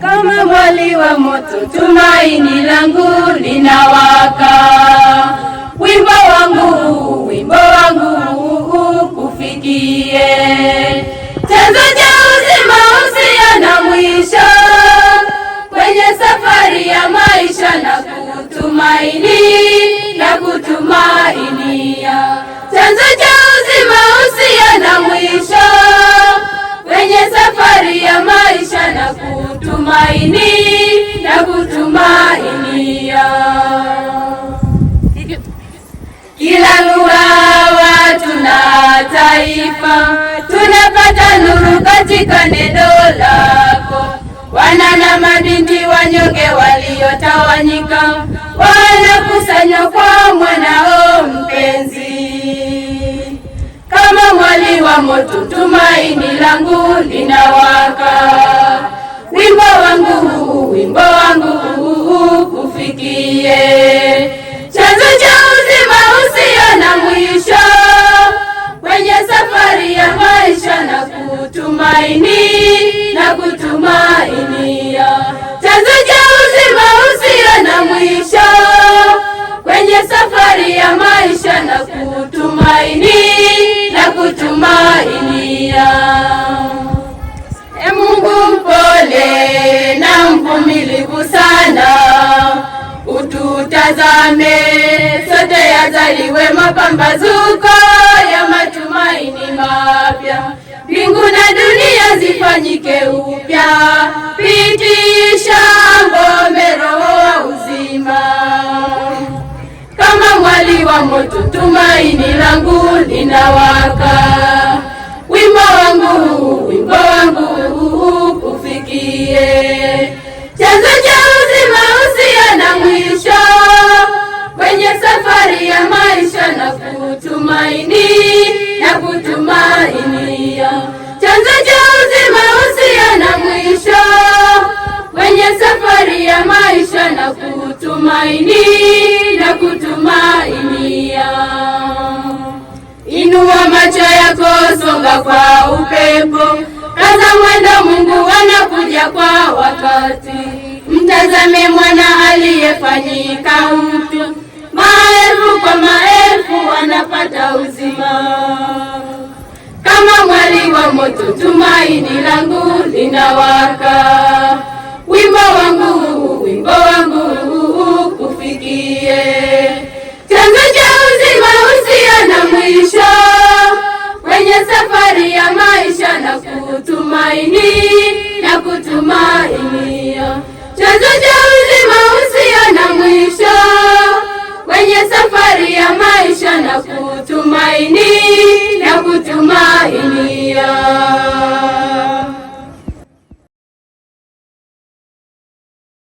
Kama mwali wa moto, tumaini langu linawaka, wimbo wangu katika neno lako. Wana na mabinti wanyonge waliotawanyika wanakusanywa kwa mwanao mpenzi, kama mwali wa moto tumaini langu linawaka. Wimbo wangu, wimbo wangu kufikie tumaini na kutumainia, chanzo cha uzima usio na mwisho, kwenye safari ya maisha na kutumaini na kutumainia. E Mungu mpole na mvumilivu sana, ututazame sote, yazaliwe mapambazuko ufanyike upya, pitisha ngome, roho wa uzima, kama mwali wa moto tumaini langu linawaka tumaini na kutumainia. Inua macho yako, songa kwa upepo, kaza mwendo, Mungu anakuja kwa wakati. Mtazame mwana aliyefanyika mtu, maelfu kwa maelfu wanapata uzima. Kama mwali wa moto, tumaini langu linawaka mwisho kwenye safari ya maisha na kutumaini na kutumainia chanzo cha uzima usio na mwisho kwenye safari ya maisha na kutumaini na kutumaini